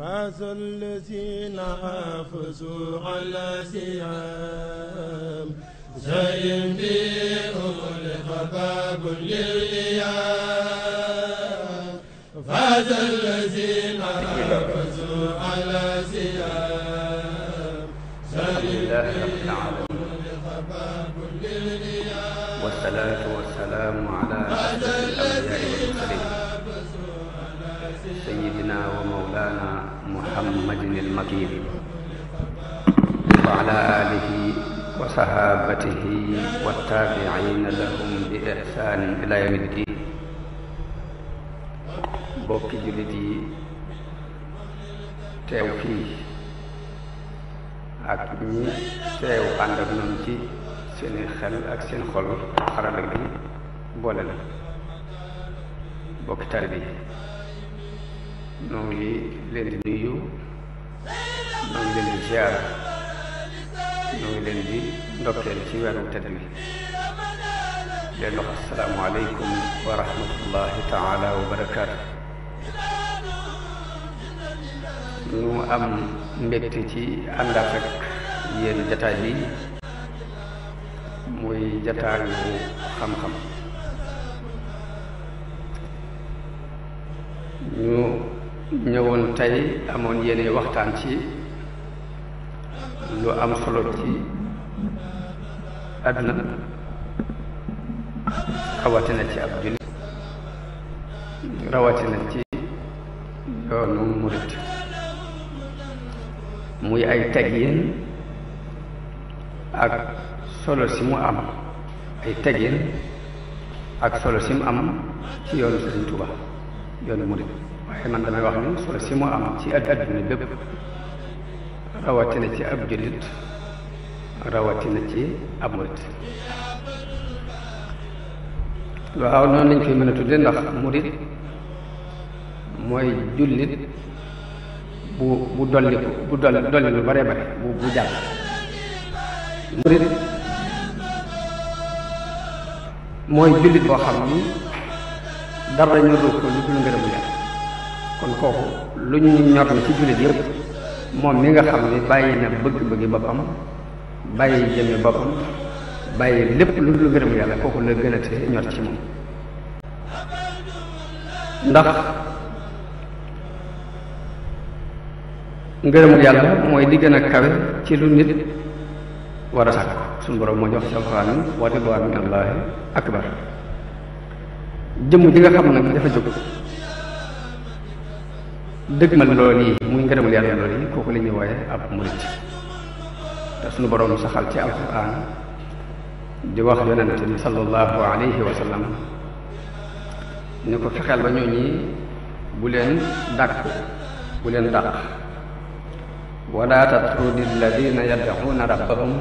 فاز الذين حافظوا على سيام زين بأول خباب للإيام فاز الذين حافظوا على سيام زين بأول خباب للإيام والصلاة والسلام على العلم المقيم وعلى آله وصحابته والتابعين لهم بإحسان إلى يوم الدين بوك جلدي توفي أكني سأو عند نمتي سين خل أكسين خل خرابك دي بولنا بوك تربية نوي لندنيو ñoo ngi leen di ziar ñoo ngi leen di ci weeru tedd wi leen wax asalaamualeykum wa rahmatullahi wa barakaatu ñu am mbégte ci àndaat ak yéen jataay bi muy jataayu xam-xam ñu ñëwoon tey amoon yéene waxtaan ci lu am solo ci àdduna rawatina ci ab jullit rawatina ci yoonu murit muy ay teggin ak solo si mu am ay teggin ak solo si mu am ci yoonu Sëriñ Tuubaa yoonu murit waaye man damay wax ni solo si am ci àdduna bépp rawatina ci ab jullit rawatina ci ab murit waaw noonu lañ koy mën a tudde ndax murit mooy jullit bu bu dolli bu dolli dolli lu bare bare bu bu jàll murit mooy jullit boo xam ni dara ñorul ko lu dul ngërëmu Yàlla kon kooku lu ñu ñor na ci jullit yëpp moom mi nga xam ne bàyyi na bëgg-bëggi boppam bàyyi jëmi boppam bàyyi lépp lu dul gërëm yàlla kooku la gën ñor ci moom ndax ngërëmul yàlla mooy li gën a kawe ci lu nit war a sàkk suñu borom moo jox ci alxuraan yi wa min allaahi akbar jëmm ji nga xam nag dafa jóg dëgmal loolu yi muy ngërëmul yàlla loolu yi kooku la ñuy wooye ab murit te suñu boroom saxal ci alquran di wax yonente bi sallallahu alayhi wa sallam ni ko fexeel ba ñooñi bu leen dàq bu leen dàq wala tatrudi alladina yadcuuna rabbahum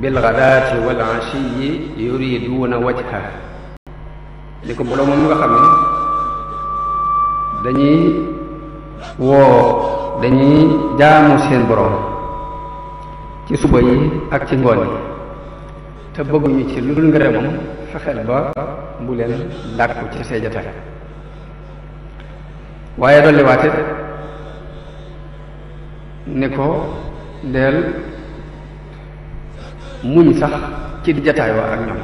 bilgadaati wal ashiyi yuriduuna wajha li ko boroomam nga xam ne dañuy woo dañuy jaamu seen boroom ci suba yi ak ci ngoon yi te bëgguñu ci lu dul ngërëmam fexeel ba bu leen dàkku ci say jataay waaye dolliwaate ni ko deel muñ sax ci di jataay wa ak ñoom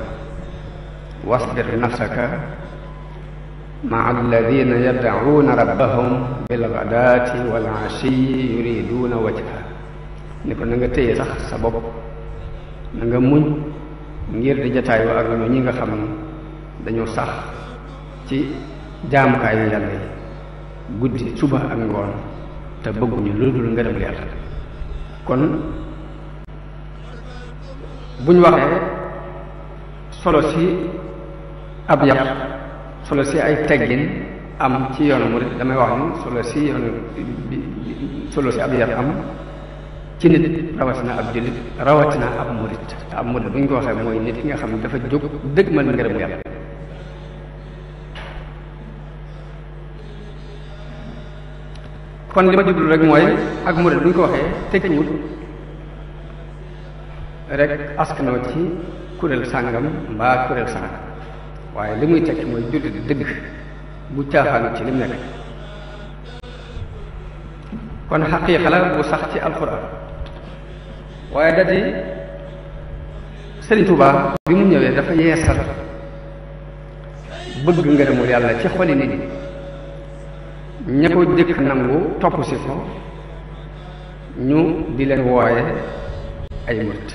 wasbir nafsaka مع الذين يدعون ربهم بالغداة والعشي يريدون وجهه ni ko na nga téye sax sa bopp na nga muñ ngir di jataayu ak ñoo ñi nga xam ne dañoo sax ci jaamukaayu yàlla yi guddi suba ak ngoon te bëgguñu lu dul ngërëm yàlla kon buñ waxee solo si ab yàpp solo si ay teggin am ci yoonu murid damay wax ni solo si yoonu solo si ab yar am ci nit rawatina ab jullit rawatina ab murid te ab murid bu ñu ko waxee mooy nit ki nga xam ne dafa jóg dëgg mën ngërëm yàlla kon li ma jublu rek mooy ak murid bu ñu ko waxee tekkiwut rek askanoo ci kuréel sàngam mbaa kuréel sàngam waaye li muy tekki mooy jullit dëgg bu caaxaanu ci lim nekk kon xaqiiqa la bu sax ci alxuraan waaye da di sëriñ Tuubaa bi mu ñëwee dafa yeesal bëgg ngërëmul yàlla ci xoli nit ñi ña ko jëkk nangu topp si ko ñu di leen wooye ay murit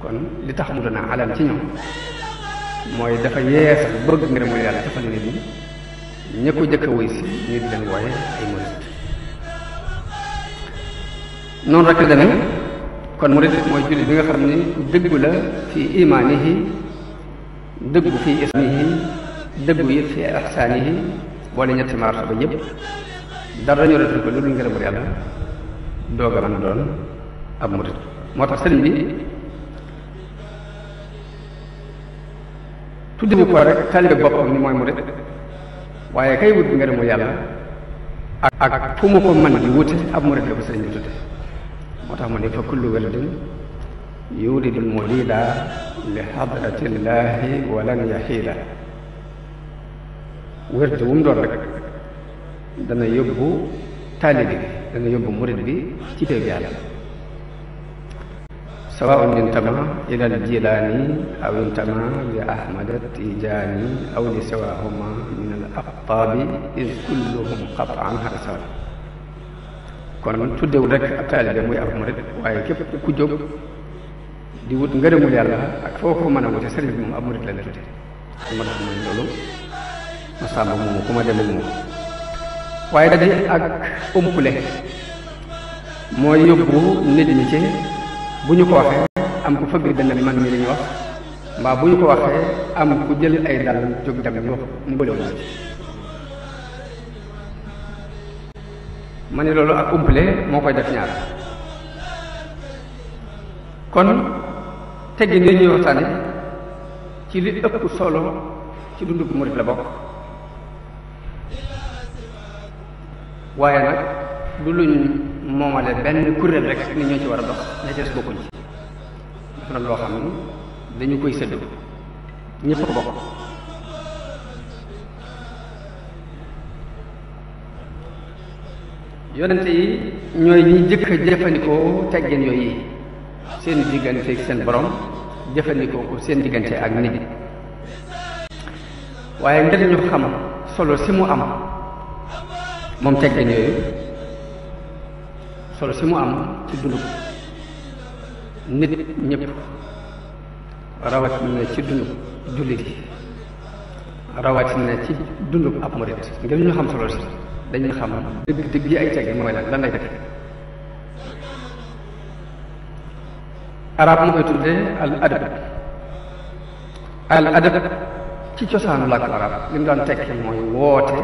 kon li tax mu doon alam ci ñoom mooy dafa yeesal bëgg ngërëmul yàlla defal nit ñi ña ko jëkk a wuy ñu di leen wooye ay murit noonu rek la demee kon murit mooy jullit bi nga xam ni dëggu la fi imaanihi dëggu fi islaamihi dëggu it fi ihsaanihi boole ñetti marsa ba yëpp dara dañoo def ko lu dul ngërëmul yàlla doog a mën doon ab murit moo tax sëriñ bi tudduñu ko rek taalibe boppam ni mooy murit waaye kay wut ngërëmu yàlla ak fu mu ko man di wute ab murit la ko sëriñ bi tudde moo tax mu ne fa kullu wëldin yuridul murida li xadratillaahi walan yaxiila wërd wu mu doon rek dana yóbbu taalibe dana yóbbu murit bi ci teew yàlla sawaaun intama ila aljilaani aw intama li ahmada tijaani aw li siwaahuma min al aqtaabi is kulluhum qataan hasan kon tuddewul rek ab taalibe muy ab murit waaye képp ku jóg di wut ngërëmul yàlla ak foo ko mën a wute sëriñ bi moom ab murit la la tudde ma ma sàmm moomu waaye daje ak umpule mooy yóbbu nit ñi ci bu ñu ko waxee am ku fëgg dana bi man mii ñu wax mbaa bu ñu ko waxee am ku jël ay dal jóg dem ñu wax mu bëlewu na ma ne loolu ak umpale moo koy def ñaar kon teggin yi ñuy waxtaane ci li ëpp solo ci dundu murit la bokk waaye nag du luñ moomale benn kuréel rek ni ñoo ci war a dox ña ca des bokkuñ ci dafa nag loo xam ne dañu koy sëdd ñëpp ko bokk yonente yi ñooy ñi jëkk a jëfandikoo teggin yooyu yi seen diggante seen boroom jëfandikoo ko seen diggante ak nit waaye ngir ñu xam solo si mu am moom teggin yooyu solo si mu am ci dund nit ñëpp rawatina ci dund jullit yi rawatina ci dund ab murit ngir ñu xam solo si dañuy xam dëgg dëgg yi ay teg mooy lan lan lay teg arab mu ci cosaanu làkk arab li mu daan teg mooy woote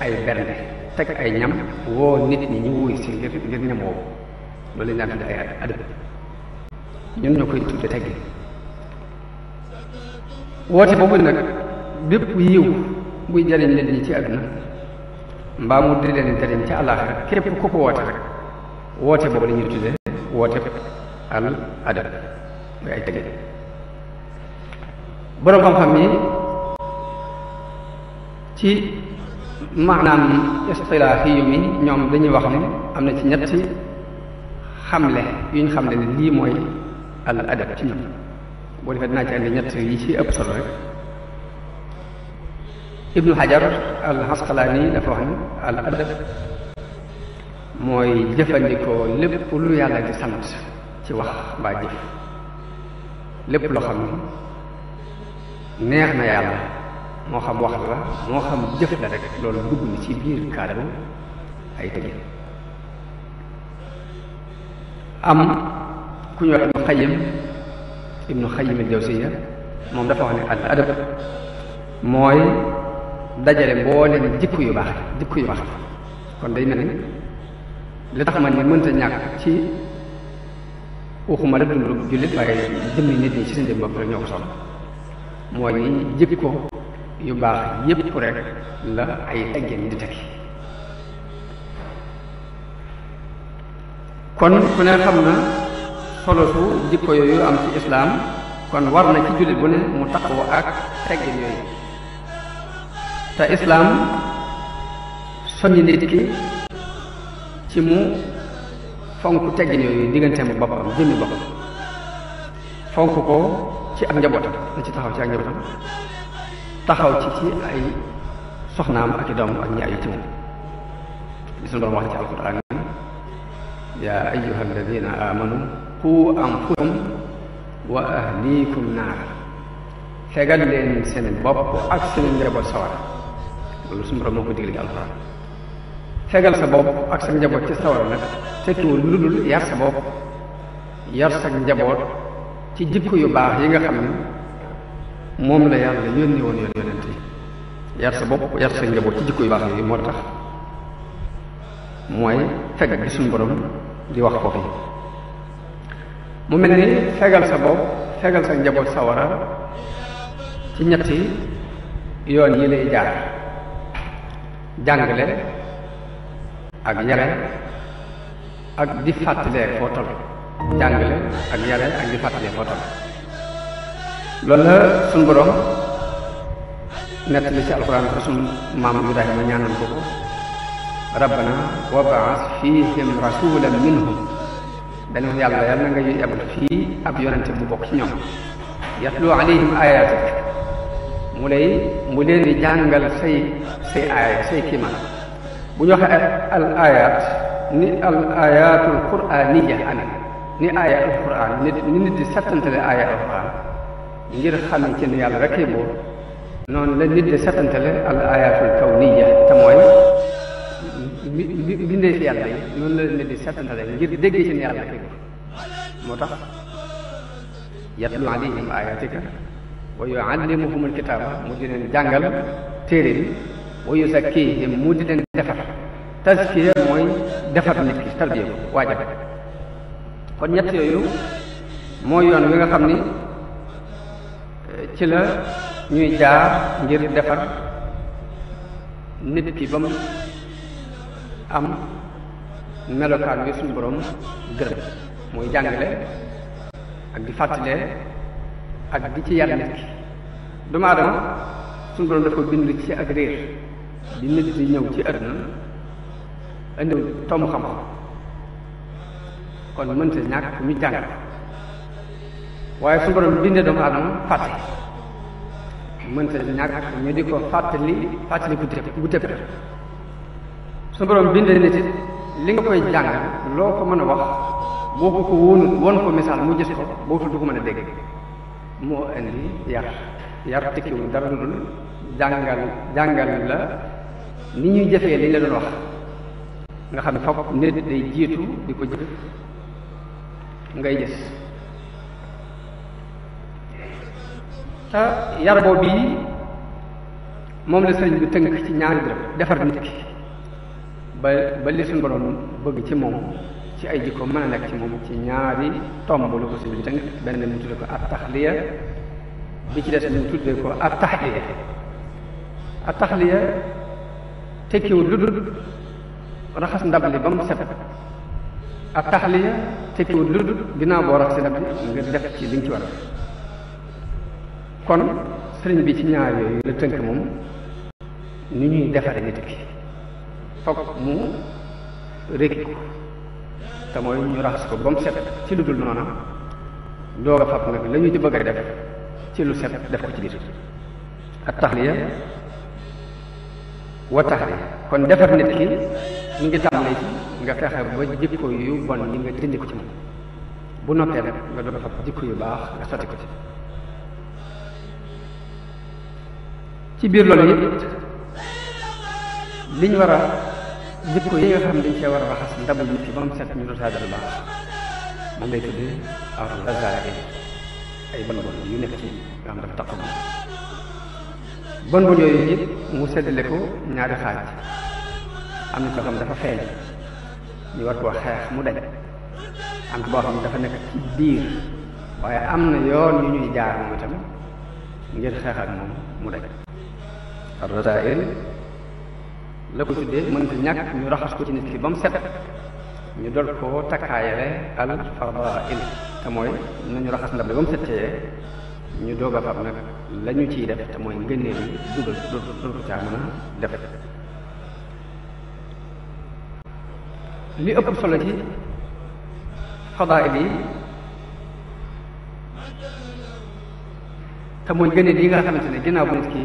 ay bernde teg ay ñam woo nit ñi ñu wuy si ngir ngir ñam woowu loolu lañ daan ay adab ñun ñoo koy tudde teggi woote boobu nag bépp yiw buy jariñ leen ci àdduna mbaa mu di jariñ ci àllaaxira képp ku ko woote rek woote boobu la tudde woote al adab muy ay teggi boroom xam-xam yi ci manam istilahi yi ñom dañuy wax ni amna ci ñetti xamle yu ñu xamle ne lii mooy al adab ci ñom bo defé na ci andi ñett yi ci ëpp solo rek ibnu hajar al hasqalani dafa wax ni al adab moy jëfandikoo lépp lu yàlla di sant ci wax ba jëf lépp lo xamni neex na yàlla moo xam wax la moo xam jëf la rek loolu dugg na ci biir cadre ay tëggin am ku ñuy wax ibnu xayim ibnu xayim al jawsiya moom dafa wax ne al mooy dajale mbooleem jikko yu baax jikko yu baax kon day mel ni li tax man ni mënta ñàkk ci waxuma la dundu jullit waaye jëmmi nit ñi ci seen jëm bopp rek ñoo ko soxla mooy ñi jikko yu baax yépp rek la ay teggin di tekki kon ku ne xam na solosu jikko yooyu am ci islaam kon war na ci jullit bu ne mu taxawu ak teggin yooyu te islaam soññ nit ki ci mu fonk teggin yooyu digganteem boppam jëmmi boppam fonk ko ci ak njabootam ci taxaw ci ak njabootam taxaw ci ci ay soxnaam ak i doom ak ñi ay tëw li suñu borom wax ci alquran yaa ayuha amanu qu anfusakum wa ahlikum naar fegal leen seen bopp ak seen njaboot sawara loolu suñu borom moo digle ci alquran fegal sa bopp ak sa njaboot ci sawara nag tekkiwul lu dul yar sa yar sa njaboot ci jikko yu baax yi nga xam ne moom la yàlla yónni woon yoon yonent yi yar sa bopp yar sa njaboot ci jikko yu baax yooyu moo tax mooy fekk gi suñu borom di wax ko fi mu mel ni fegal sa bopp fegal sa njaboot sawara ci ñetti yoon yi lay jaar jàngale ak yare ak di fàttalee foo toll jàngale ak yare ak di fàttalee foo loolu la suñu borom nettali ci alxuraan ko suñu maam Ibrahima ñaanoon ko ko rabbana wa baas fihim minhum dañu yàlla yàlla na nga yebal fii ab yonente bu bokk ci ñoom yatlu alayhim ayatik mu lay leen di jàngal say kiimaan bu ñu waxee al ayat ni al ayatul quraniya ana ni aaya alquran ni nit di settantale aaya alquran ngir xamee ci ne yàlla rek yi buur noonu la nit di setantale al ayatul kawniya te mooy bindee fi yàlla yi noonu la nit di setantale ngir dégg ci ne yàlla rek yi moo tax yatlu alayhim ayatika wa yuallimuhum alkitaba mu di leen jàngal téere bi wa yusakkihim mu di leen defar tazkiya mooy defar nit ki tarbiya ko waajal kon ñett yooyu mooy yoon wi nga xam ni ci la ñuy jaar ngir defar nit ki ba mu am melokaan wi suñu borom gërëm jàngale ak di fàttalee ak di ci yar nit ki doomu aadama suñu borom dafa bind ci ak réer di nit di ñëw ci àdduna indiw tomb xam-xam kon mënta ñàkk ñu jàng waaye suñu bindee doomu fàtte mënta ñàkk ñu di ko fàttali fàttali bu tëb bu tëb su borom bind nit li nga koy jàng loo ko mën a wax boo ko ko wóonul woon ko misaal mu gis ko bootul du ko mën a dégg moo indi yar yar tekkiwul dara dul jàngal jàngal la ni ñuy jëfee li la doon wax nga xam ne fokk nit day jiitu di ko jëf ngay gis te yar boobu bii moom la sëriñ bi tënk ci ñaari dërëm defar nit ki ba ba li suñu borom bëgg ci moom ci ay jikko mën a nekk ci moom ci ñaari tomb la ko sëriñ bi tënk benn mu tudde ko at taxliya bi ci des mu tudde ko at taxliya at taxliya tekkiwul lu dul raxas ndab li ba mu set at taxliya tekkiwul lu dul ginnaaw boo raxas ndab li nga def ci li nga ci war kon serigne bi ci ñaar yoy le teunk mom ni ñuy defare nit ki fokk mu rek ko te mooy ñu rax ko bam set ci lu dul nona doga a nak lañu ci bëgg def ci lu set def ko ci bir ak tahliya wa tahliya kon defar nit ki ñu ngi tamlé ci nga fexe ba jikko yu bon yi nga dindi ci mom bu noté rek nga doga a jikko yu baax nga sotti ko ci ci biir loolu yëpp liñ war a ko yi nga xam dañ cee war a raxas ndabul nit yi ba mu set ñu dotaagal baax moom lay tudd awral razaa'il ay bon yu nekk ci nga xam dafa taq moom bon yooyu it mu seddale ko ñaari xaaj am na koo xam dafa feeñ ñu war koo xeex mu daj am boo xam dafa nekk ci biir waaye am na yoon yu ñuy jaar moom itam ngir xeex ak moom mu daj radail la ko tuddee mënta ñàkk ñu raxas ko ci nit ki ba mu set ñu dol koo takkaayale al fadail te mooy nañu raxas ndab li ba mu settee ñu doog a fab nag la ñu ciy def te mooy ngëneel yi dugal dootu caa mën a def li ëpp solo ci fadail yi te mooy ngëneel yi nga xamante ne ginnaaw bu nit ki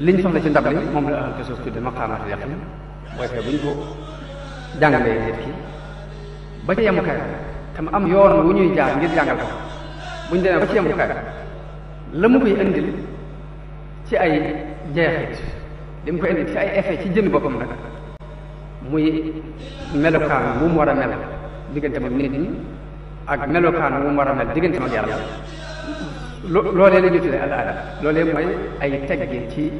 liñ soxla ci ndab li moom la ahlul tasawuf tudde maqaamaat yaqin booy fee buñ ko jàngalee nit ki ba ci yemukaay tam am yoon wu ñuy jaar ngir jàngal ko buñ demee ba ci yemukaay la mu koy indil ci ay jeexit li mu koy indil ci ay effet ci jën boppam nag muy melokaan wu mu war a mel diggante mag nit ñi ak melokaan wu mu war a mel diggante mag yàlla loolee la ñu tuddee al adab loolee mooy ay tegge ci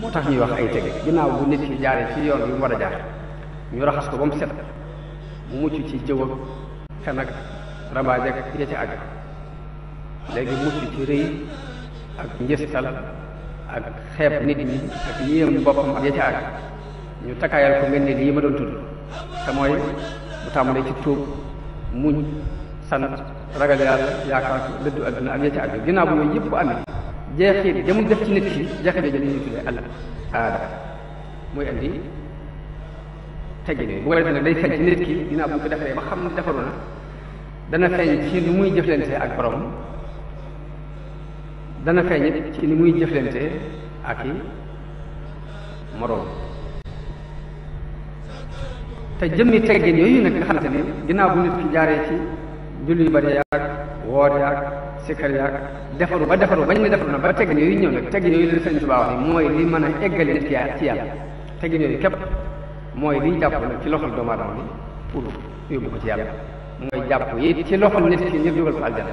moo tax ñuy wax ay tegge ginnaaw bu nit ki jaaree ci yoon bi mu war a jaar ñu raxas ko ba mu set mu mucc ci jëw ak fen ak rambaaj ak ya ci àgg léegi mucc ci rëy ak njëstal ak xeeb nit ñi ak yéem boppam ak ya ci àgg ñu takkaayal ko mel ni lii ma doon tudd te mooy bu tàmbalee ci tuub muñ sant ragal yàlla yaakaar dëddu adduna ak ya ci aju ginnaaw bu yooyu yëpp bu amee jeexit jamu def ci nit ki jafe-jafe la ñuy tuddee al aada mooy andi teggin bu ko defee nag day feeñ ci nit ki ginnaaw xam ne defaru na dana feeñ ci ni muy jëflante ak borom dana feeñ ni muy jëflante ak i moroom te jëmmi teggin yooyu nag nga xamante ne bu nit ki jaaree ci julli yu bari yaag woor yaag sikkar yaag defaru ba defaru bañ ne defaru na ba teggin yooyu ñëw nag teggin yooyu la sëñ Tuubaa ni mooy li mën a eggale nit ki ci yàlla teggin yooyu képp mooy liy jàpp nag ci loxol doomu aadama pour yóbbu ko ci yàlla mooy jàpp yi ci loxol nit ki ñëpp jógal ko aljana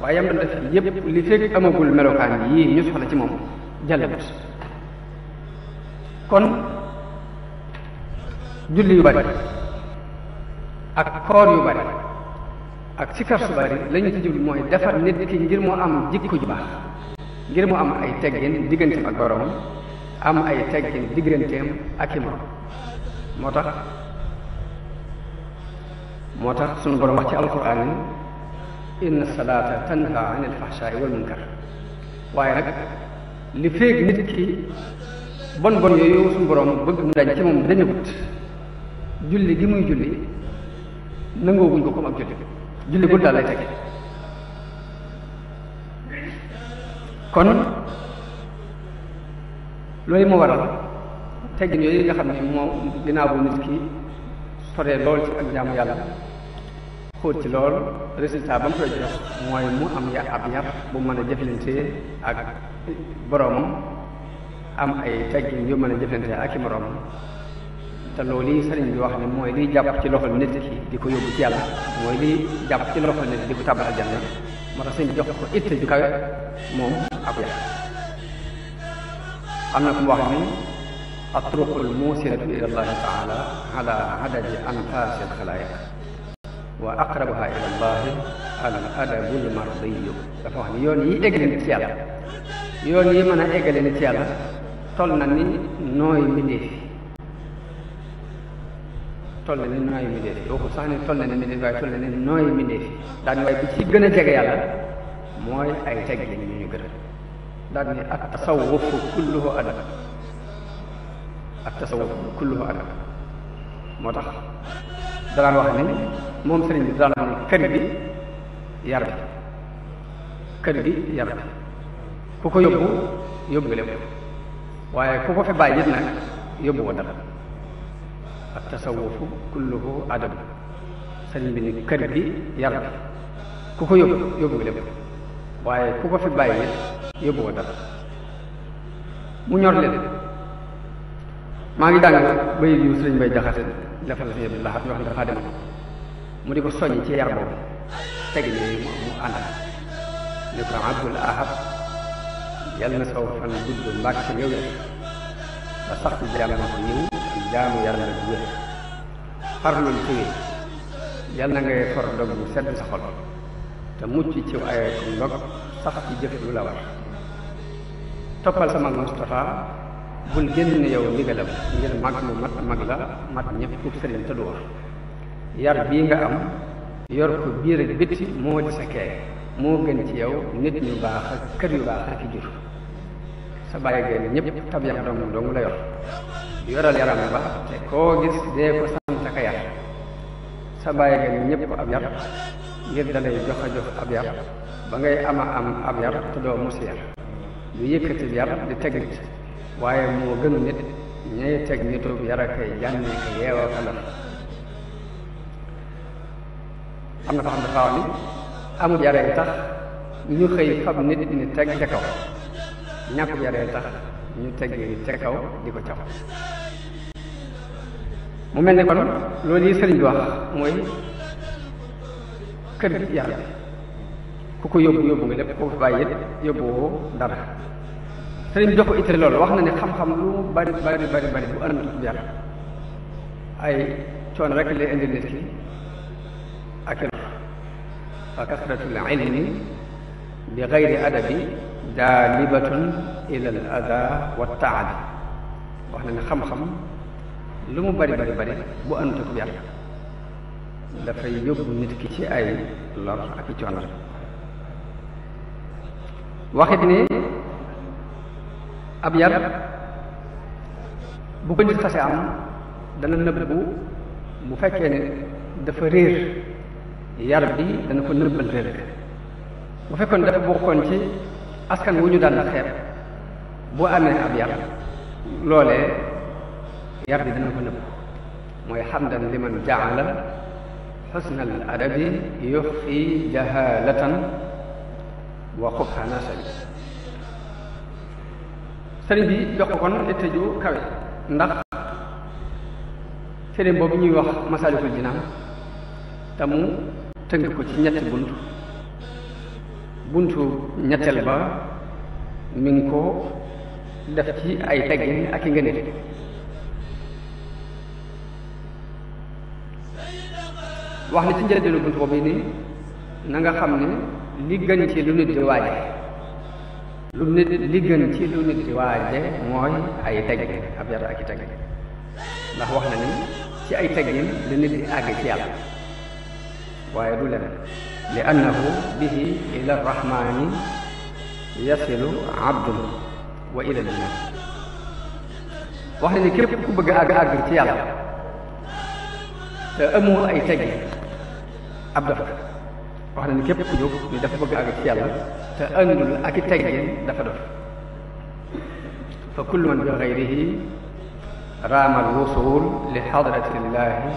waaye yam doon def li fekk amagul melokaan yii ñu soxla ci moom jàllagut kon julli yu bari ak koor yu bari ak ci kar bari lañu ñu ci mooy defar nit ki ngir mu am jikko ju baax ngir mu am ay teggin digganteem ak borom am ay teggin digganteem ak imam morom moo tax moo tax sunu borom wax ci alquran inna salata tanha an alfahshaai wal munkar waaye nag li féeg nit ki bon bon yooyu suñu borom bëgg mu dañ ci moom dañu wut julli gi muy julli nangoo buñ ko comme ak julli julli gudd daal lay teg kon loolu moo waral teggin yooyu nga xam ne moom ginnaaw bu nit ki soree lool ci ak jaamu yàlla xóot ci lool résultat ba mu koy jox mooy mu am ya ab yar bu mën a jëflante ak boroomam am ay teggin yu mën a jëflante ak i moroomam te loolu yi sëriñ bi wax ne mooy liy jàpp ci loxol nit ki di ko yóbbu ci yàlla mooy liy jàpp ci loxol nit di ko tàbbal aljanna moo tax sëñ bi jox ko itte ju kawe moom ak yàlla am na ku mu wax ni atruqul muusilatu ila taala ala adadi anfaasi wa aqrabuha ila allahi al yoon yi eggale nit ci yoon yi mën a eggale nit ci yàlla toll na ni nooy toll na ni nooyu mi dee waxul sax ne toll na ni mi dee waaye toll na ni nooyu mi dee waaye bi ci gën a jege yàlla mooy ay teggin ñu ñu gën a daal tax danaan wax ne moom sëriñ bi daan ne kër gi yar bi kër gi yar bi ku ko yóbbu yóbbu lépp waaye ku ko fi nag yóbbu dara ak tasawufu kulluhu adab sëriñ bi ni kër gi yar ku ko yóbbu yóbbu lépp waaye ku ko fi bàyyi yóbbu ko mu ñor leen maa ngi dàng bay yu sëriñ bay jaxate defal la fi yëpp laxat yoo xam ne dafa dem mu di ko soññ ci yar boobu teg nii mu mu àndal ne ko na saw fan gudd mbàkk yow ya da sax ci jàmm ko ñëw jaamu yàlla bu wér farlul ci yàlla ngay for dog sedd sa xol te mucc ci ay ndog sax ci jëf lu la war toppal sama Moustapha bul génn yow ndigalam ngir mag mu mag la mat ñëpp pour sëriñ te du wax yar bii nga am yor ko biir ak bitti moo di sa kee moo gën ci yow nit ñu baax ak kër yu baax ak i jur sa bàyyi génn ñëpp tab yam dong la yor yoral yaram bi ba te koo gis dee ko sant ka yar sa bàyyi nga ñëpp ab yar ngir dalay jox a jox ab yar ba ngay ama am ab yar te doo mos yar du yëkkati yar di teg nit waaye moo gënu nit ñay teg nitub yar ak ay jànni ko yeewa ko la na fa xam dafa wax ni amul yaree tax ñu xëy fab nit ni teg ca kaw ñàkkub yaree tax ñu teggee ca kaw di ko caf mu mel ne kon loolu yi sëriñ bi wax mooy kër gi yàlla ku ko yóbbu yóbbu nga lépp koo fi bàyyi yóbbu woo dara sëriñ bi jox ko ittale wax na ne xam-xam lu mu bari bari bari bari bu ànd ak yàlla ay coono rek lay indi nit ki ak kasratul ilmi bi gayri adabi daalibatun ilal ada wa taadi wax na ne xam-xam lu mu bari bari bari bu àndut ak yàlla dafay yóbbu nit ki ci ay lor ak i coono waxit ni ab yar bu ko nit xasee am dana nëbbu bu fekkee ne dafa réer yar bi dana ko nëbbal réer bu fekkoon dafa bokkoon ci askan wu ñu daan xeeb boo amee ab yar loolee yar bi dana ko nëbb mooy xamdan liman jaala xusna al adabi yuxfi jahalatan wa xubha nasabi sëriñ bi jox ko kon itte ju kawe ndax sëriñ boobu ñuy wax masalikul jinaan te mu tënk ko ci ñetti bunt buntu ñettal ba mi ngi ko def ci ay teggin ak i ngëneel wax na ci njëlbeenu buntu boobu ni na nga xam ne li gën ci lu nit di waaje lu nit li gën ci lu nit di waaje mooy ay teggin ab yar ak i ndax wax na ni ci ay teggin lu nit di àgg ci yàlla waaye du leneen لأنه به إلى الرحمن يصل عبده وإلى الجنة وحدي كيف كيف بقى أقرأ تيالا أمو أي تجي أبدا وحدي كيف كيف كيف بقى أقرأ تيالا تأنل أكي تجي دفع فكل من بغيره رام الوصول لحضرة الله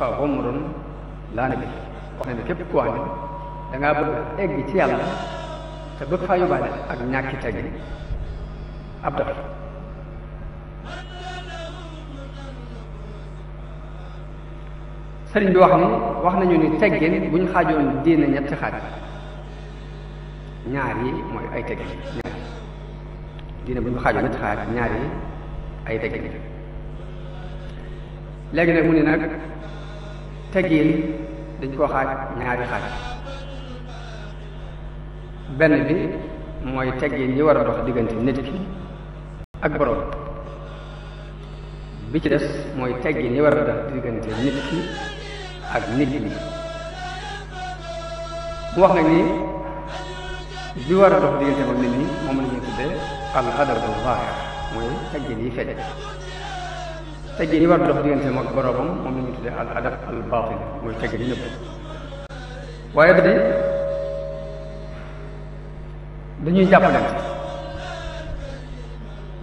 فغمر لا نبيه wax ne képp ku wax ne da bëgg egg ci yàlla te bëgg faa yóbbaale ak ñàkki teggin ab daf sëriñ bi wax ni wax nañu ni teggin buñ ñu xaajoon diine ñetti xaaj ñaar yi mooy ay teggin ñaar diine bu ñu xaajoon ñetti xaaj ñaar yi ay teggin léegi nag mu ne nag teggin dañ koo xaaj ñaari xaaj benn bi mooy teggin yi war a dox diggante nit ki ak borom bi ci des mooy teggin yi war a dox diggante nit ki ak nit ñi mu wax na ni bi war a dox diggante ak nit ñi moom la ñuy tuddee al adabul zaahir mooy teggin yi fedd tegg yi war dox diggante mag boromam moom la ñu tuddee al adab al baatin mooy tegg yi nëbb waaye bi di dañuy jàppalante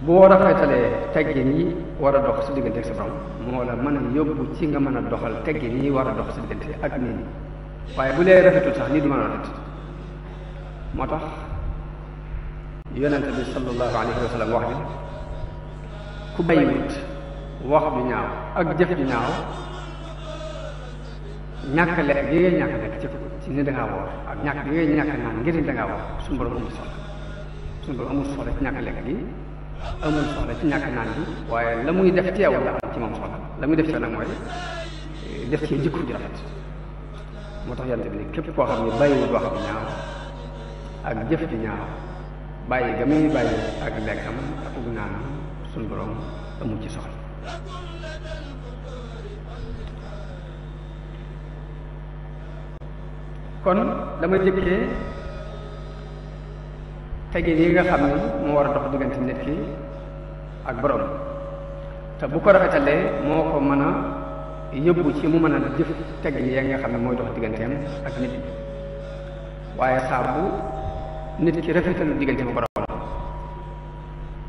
boo rafetalee teggin yi war a dox si diggante ak sa borom moo la mën a yóbbu ci nga mën a doxal teggin yi war a dox si diggante ak nit ñi waaye bu lee rafetul sax nit du mën a rafet moo tax yonente bi sallallahu alayhi wa sallam wax ni ku bàyyiwut wax bi ñaaw ak jëf bi ñaaw ñàkk lekk gi ak ñàkk gi ngay ñàkk naan ngir ni dangaa woor suñu borom amul ci ñàkk waaye la muy def ci yow la def ci mooy eh, def ci moo tax yonte bi ne képp koo xam ne bàyyiwul wax bi ñaaw ak jëf bàyyi ga muy bàyyi ak lekkam ak naanam suñu borom amul ci soxla kon dama jëkkee tegin yi nga xam ni moo war a dox diggante nit ki ak borom te bu ko rafetalee moo ko mën a yóbbu ci mu mën a jëf tegin yi nga xam ne mooy dox digganteem ak nit waaye saa bu nit ki rafetalu diggante ma borom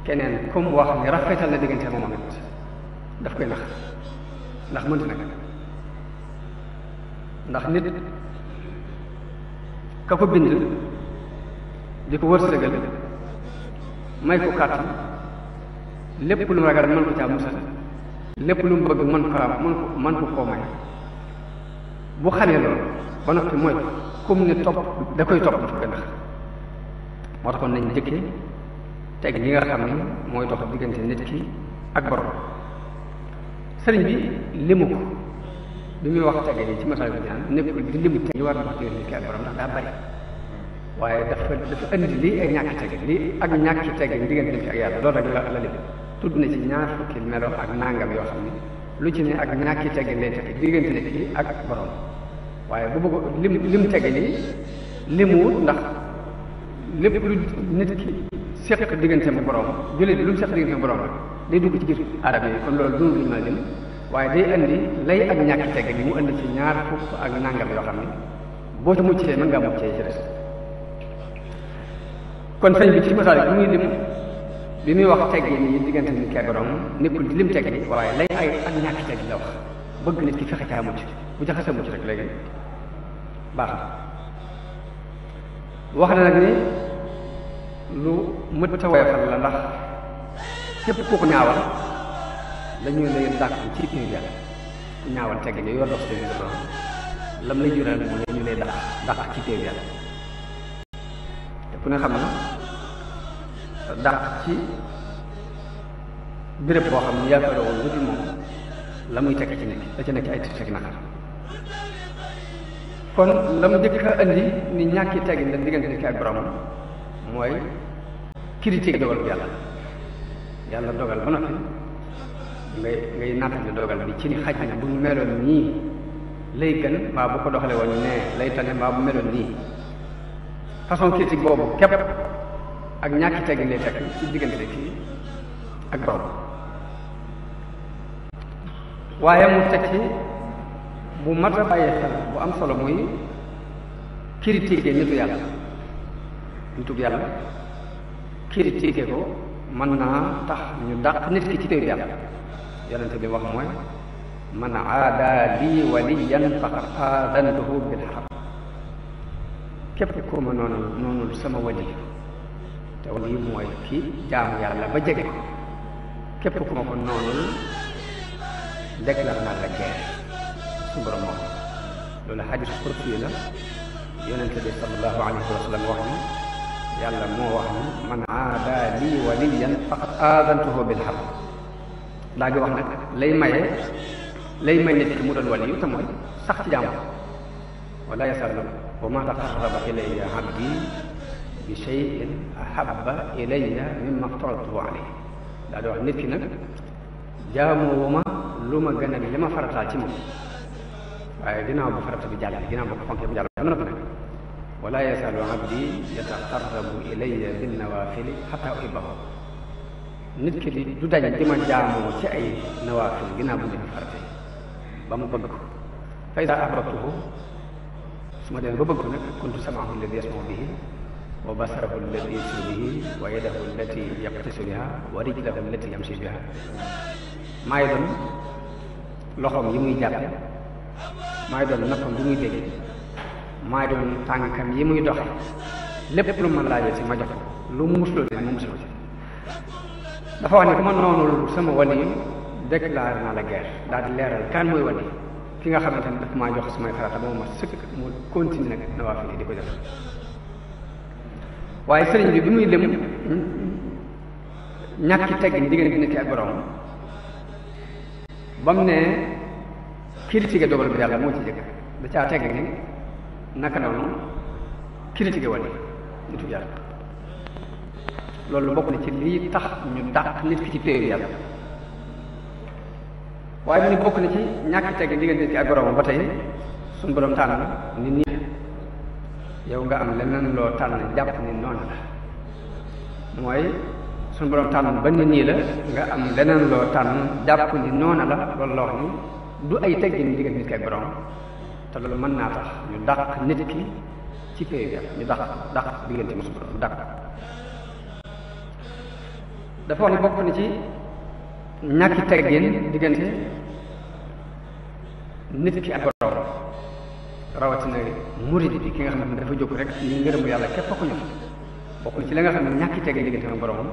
keneen comme wax ni rafetal na diggante ma moom it daf koy nax ndax mënti nag ndax nit ka ko bind di ko wërsëgal may ko kàttan lépp lu mu ragal mën ko caa musal lépp lu mu bëgg mën xaraam mën ko mën ko koo may bu xamee loolu ba noppi mooy comme ne topp da koy topp daf koy nax moo taxoon nañ jëkkee teg li nga xam ne mooy dox diggante nit ki ak borom sëriñ bi limu ko bi muy wax tege ci masal bi ñaan nekkul di limu teg yi war na wax tege ci borom ndax daa bari waaye dafa dafa indi lii ay ñàkk tege lii ak ñàkk tege diggante bi ak yàlla loolu rek la la lim tudd na ci ñaar fukki melo ak nangam yoo xam ne lu ci ne ak ñàkki tege lay teg diggante nit ki ak borom waaye bu bëgg lim lim tege nii limuwut ndax lépp lu nit ki séq diggante mu borom jullit lu mu séq diggante mu borom rek day dugg ci biir arame yi kon loolu duñu luñu mën a waaye day indi lay ak ñàkk tegg bi mu andi ci ñaar fukk ak nangam yoo xam ne boo ci muccee mën ngaa muccee ci kon sëñ bi ci masaal bi muy lim bi muy wax teggi nii diggante nit ki ak borom nekkul ci lim waaye lay ay ak ñàkk teggi la wax bëgg nit ki fexe caa mucc bu jaxasee mucc rek léegi baax na wax na nag ni lu mët a woyofal la ndax képp ku ko ñaawal la lay dàkku ci biir yàlla ku ñaawal teg ne yoo dox yoon lam lay jural mooy ne xam na ci béréb boo xam ne yaakaar la muy teg ci nekk da ci nekk ay tuuti ak kon la mu njëkk indi ni ñàkki teggin la diggante nit borom mooy critique yàlla yàlla dogal ba noppi ngay ngay nattali dogal bi ci ni xaj na bu meloon nii lay gën mbaa bu ko doxale woon ne lay tane mbaa bu meloon nii façon critique boobu képp ak ñàkki teggin lay tekk ci diggante kii ak boobu waaye mu teg ci bu mat xel bu am solo muy critiquer nitu yàlla nitu yàlla critiquer ko man na tax ñu dakk nit ki ci tëy yàlla yonent bi wax moy man aada li waliyan faqad aadantuhu bil haqq kep ko ma non non sama wadi te wadi moy ki jaam yàlla ba jege kep ko ma ko noonul déclaré naa la guerre su borom moom hadith xadis kursi la yonent bi sallallahu alayhi wa sallam wax ni يلا مو واحد من عادى لي وليا فقد آذنته بالحق داك واحد لي ماي لي ماي نتي مود الولي تموي سخت جام ولا يسلم وما تقرب الي عبدي بشيء احب الي مما افترضته عليه لا دو نتي نك جامو وما لوما غنني لما فرتا تي مو واي دينا بو فرتا بي جالال دينا بو فونك بي جالال wala yasalu abdi yataqarrabu ilayya bin nawaafili xataa uhibbahu nit ki di du dañ di ma jaamoo ci ay nawaafil ginnaaw bu mu def farate ba mu bëgg ko fa idaa ahbabtuhu su ma demee ba bëgg ko nag kuntu samaahu alladi yasmau bihi wa basarahu alladi yubsiru bihi wa yadahu allati yaqtisu biha wa rijlahu allati yamshi biha maay doon loxoom yi muy jàppe maay doon noppam yi muy dégg mooy doon tànkam yi muy doxe lépp lu mën laajee si ma jox lu mu musloo si mu musloo si dafa wax ne ku ma noonul sama wali déclaré na la guerre daal di leeral kan mooy wali ki nga xamante ne daf ma jox samay farata ba ma sëkk mu continue nag di ko def waaye sëriñ bi muy lëm ñàkki teggin diggante nit ki ak borom ne critiqué dogal bi yàlla moo ci jëkk da caa tegg ni naka noonu critiqué wane nitu yàlla loolu bokk na ci lii tax ñu dàq nit ki ci péeyu yàlla waaye mu ni bokk na ci ñàkk teg diggante ci ak boroomam ba tey suñ boroom tànn nit ñi yow nga am leneen loo tànn jàpp ni noonu la mooy suñ boroom tànn ba nit ñi la nga am leneen loo tànn jàpp ni noonu la loolu la wax ni du ay teggin diggante nit ki ak boroomam te loolu mën naa tax ñu dàq nit ki ci pay bi ñu dàq dàq diggante mosu mu dàq dafa wax ne bokk na ci ñàkki teggin diggante nit ki ak borom rawatina murid bi ki nga xam ne dafa jóg rek ñu ngërëmu yàlla képp ko ñor bokk na ci la nga xam ne ñàkki teggin diggante ak boromam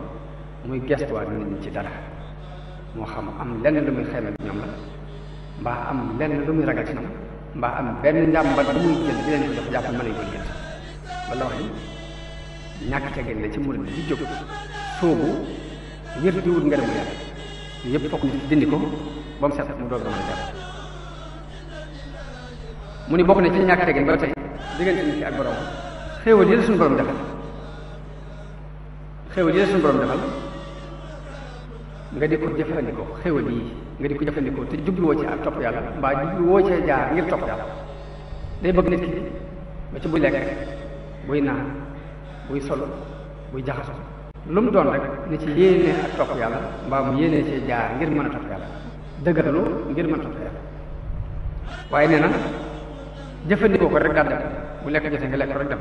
muy gestuwaat nit ñi ci dara moo xam am lenn lu muy xeemal ñoom la mbaa am lenn lu muy ragal ci ñoom mbaa am benn njàmbat bu muy jël di leen ko jox jàppal ma lay ko jël wala wax ni ñàkk teggin la ci murid bi di jóg soobu yëpp wut ngërëmu yàlla mu set mu doog a mën a ni bokk na ci ñàkk teggin ba tey diggante nit ki ak borom xéewal yi la suñu borom defal xéewal yi la suñu borom defal nga di ko jëfandikoo xéewal yi nga di ko jëfandikoo te jubluwoo ci ak topp yàlla mbaa jubluwoo cee jaar ngir topp yàlla day bëgg nit ki ba ci buy lekk buy naan buy solo buy jaxasoo lu mu doon rek ni ci yéenee ak topp yàlla mbaa mu yéenee cee jaar ngir mën a topp yàlla dëgëralu ngir mën a topp yàlla waaye nee na jëfandikoo ko rek daal bu lekk jotee nga lekk ko rek def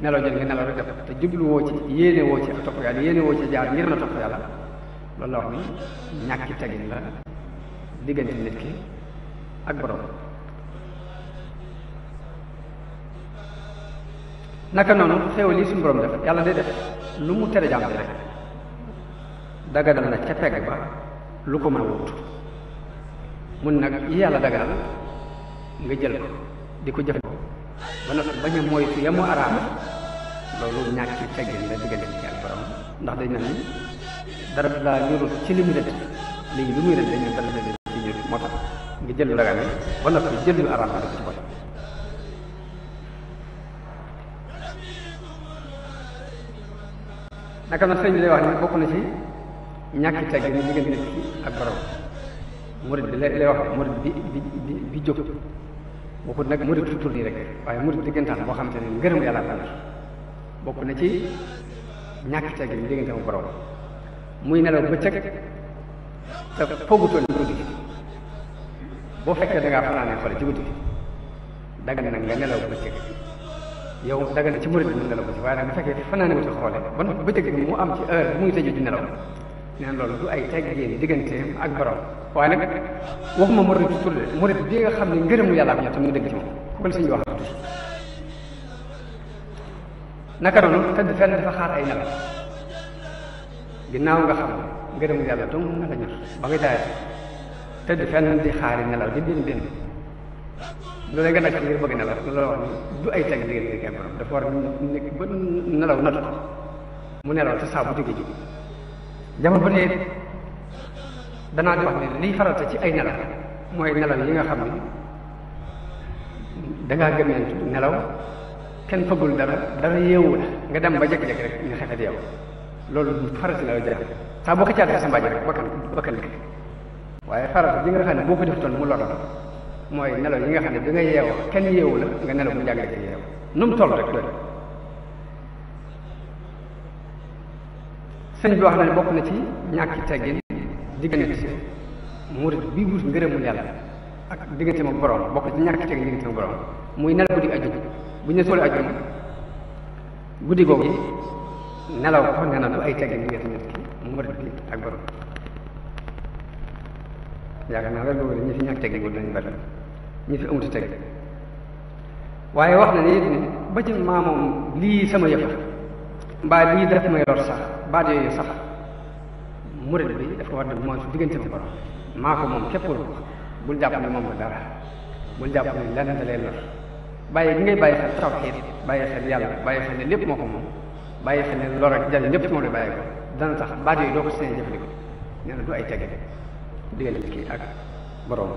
nelaw jot nga nelaw rek def te jubluwoo ci yéene woo ci ak topp yàlla yéene woo ci jaar ngir mën a topp yàlla loolu la wax ni ñàkki tegin la diggante nit ki ak borom naka noonu xéewal yi suñu borom def yàlla day def lu mu tere jàmm rek daganal na ca pegg ba lu ko mën a wut mun nag yi yàlla daganal nga jël ko di ko jëfandikoo ko nag bañ a mooy fi yamu araam loolu ñàkki teggin la diggante nit ki ak borom ndax dañ na ni dara du laa ñorul ci li muy def léegi li muy def dañuy jël lu dagan ba noppi na sëñ lay wax bokk na ci ñàkki teggin ni diggante nit ki ak borom murid bi lay wax murid bi bi bi bi jóg nag murid tutur rek waaye murid diggantaan boo xamante ne ngërëm yàlla la bokk na ci ñàkki teggin ni diggante ak borom muy nelaw bëccëg te foogutoon guddi boo fekkee da ngaa fanaanee xole ci guddi dagan na nga nelaw bëccëg yow dagan na ci murid bi nelaw bëccëg waaye nag bu fekkee fanaane wuti xoole ba noppi bëccëg bi mu am bi di nelaw nee ay teggin digganteem ak borom waaye nag waxuma murid ci tudde nga xam ne ngërëmu yàlla ak ñett mu dëgg ci moom kooku la suñu wax naka noonu tëdd fenn dafa xaar ay nelaw ginnaaw nga xam ngërëm yàlla dong na la ñor ba ngay daal tëdd fenn di xaari nelaw di bin bin loolu nga nekk ngir bëgg nelaw du ay teg digg ngir dafa war nekk ba nelaw natu ko mu nelaw te saa bu jóge jóge jamono bu ne danaa di wax ne liy farata ci ay nelaw mooy nelaw yi nga xam ne dangaa gëmeentu nelaw kenn fëggul dara dara yeewu la nga dem ba jékki-jékki rek xefet yow loolu farata la jaaxal saa boo ko caatee sa mbaaji rek bakkan bakkan nekk waaye farata ji nga xam ne boo ko def toon mu lor la mooy nelaw yi nga xam ne da nga yeewoo kenn yeewu la nga nelaw bu njàng la ca mu toll rek loolu bi wax na bokk na ci ñàkki teggin diggante murit bii wut ngërëmul yàlla ak diggante ma borom bokk na ci ñàkki teggin diggante ma borom muy nelaw guddi ajjuma bu ñu ne sóolu ajjuma guddi googu nelaw ko nga naan ay teggin ngir nit ki mu murid bi ak borom yaakaar nga rek boobu ñi fi ñak ñàkk teggin dañu bari ñi fi amu teg waye wax na nit ni ne ba ci maamoom li sama yëfa ba li def may lor sax ba de sax murid bi dafa wad mo mooy digënté ma borom mako mom moom képp lu bul jàpp ne moom dara bu japp ni lan da lay lor baye bi ngay baye sax tawhid baye xel yalla baye xel ne lépp moo ko bàyyi xel ne lor ak jariñ lépp moom la bàyyi ko dana tax baat doo ko seen jëfandikoo nee na ay tege diggante kii ak borom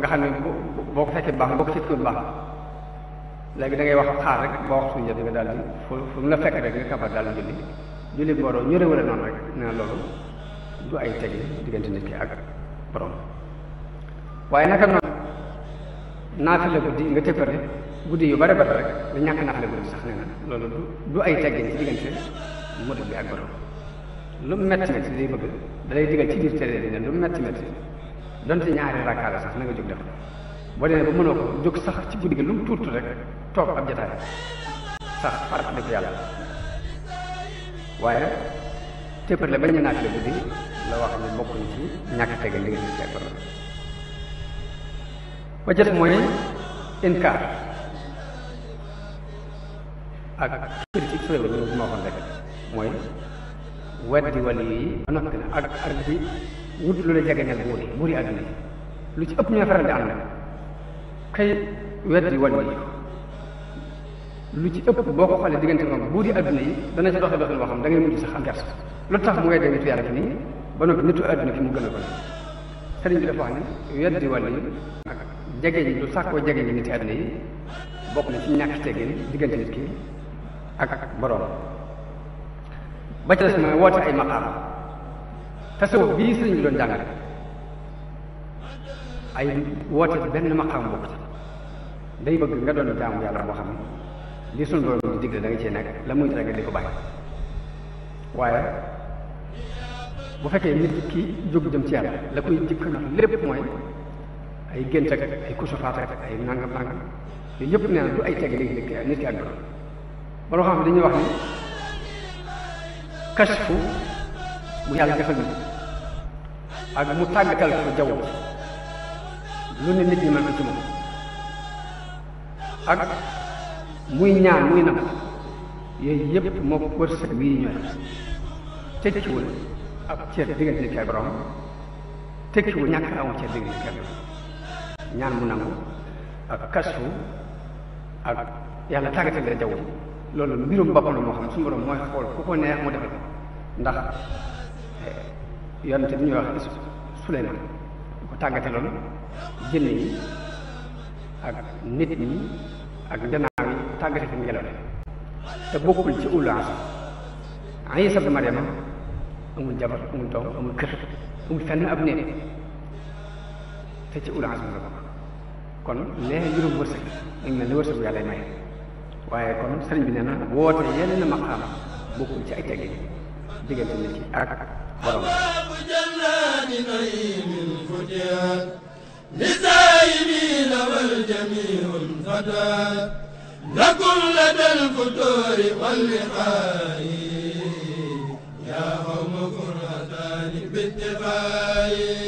nga xam ne boo ko fekkee baax léegi da ngay wax xaar boo wax suñu jëf nga daal di fu fu mu la fekk rek nga kabar daal du ay tege diggante nit ki ak borom waaye naka noonu naafila guddi nga tëkkale guddi yu bare bare rek da ñàkk nafale guddi sax nee na loolu du ay teggin ci diggante murid bi ak borom lu metti metti day bëgg da lay ci biir téere bi lu metti metti donte ñaari rakkaa la sax na nga jóg def boo demee ba mënoo ko jóg sax ci guddi gi lu mu tuuti rek toog ab jataay sax farat def yàlla waaye téppale bañ ñu naafale guddi la wax ni bokkuñ ci ñàkk teggin diggante ci ak borom ba jot mooy inkaar ak kër ci kuréel bi ñu ma waxoon mooy weddi yi ba noppi na ak ak di wut lu la jegeñal buur yi buur yi àdduna yi lu ci ëpp ñoo faral di ànd kay weddi lu ci ëpp boo ko xoolee diggante moom buur yi àdduna yi dana ci doxe doxin boo xam da ngay mujj sax am gerte lu tax mu weddee nitu yàlla fi nii ba noppi àdduna mu gën a ko sëriñ bi yi ak jegeñ lu sàkkoo jegeñ nit yi yi bokk na ci ñàkk teggin diggante nit ki ak borom ba ca des mooy woote ay maqaama tasawuf bii sëriñ bi doon jàngale ay woote benn maqaam bokk ci day bëgg nga doon jaamu yàlla boo xam ne li suñu borom di digle da nga nekk la muy tere di ko bàyyi waaye bu fekkee nit ki jóg dem ci yàlla la koy jëkk ndax lépp mooy ay gént ak ay kusufaat ak ay nangam nangam yooyu yëpp nee na ay teg léegi-léegi nit ki ak borom xam dañuy wax ni kashfu bu yàlla defal ñu ak mu tàggatal ko jaww lu ne nit ñi mën na ci moom ak muy ñaan muy nam yooyu yëpp moo ko wërsëg wii ñëw tekkiwul ab ceeb diggante nit kay borom tekkiwul ñàkk amu ceeb diggante kay borom ñaan mu nangu ak kasu ak yàlla tàggatal la loolu mbirum boppam la moo xam suñu borom mooy xool ku ko neex mu defal ndax eh, yonente bi ñuy wax Suleymaan ko tàggate loolu jënn yi ak nit ñi ak janaaw tàggate fi ngelaw te bokkul ci ullu ansam Isa ibn Maryam amul jabar amul doom amul kër amul fenn ab néeg te ci ullu ansam la bokk kon nee juróom wërsëg dañ mel ni wërsëg yàlla may waaye kon sëriñ bi nee na woote yeneen maqaam bokkul ci ay teggin diggante nit ki ak borom لسائلين والجميع فتى لكم لدى الفتور واللقاء يا قوم كرتان باتفاق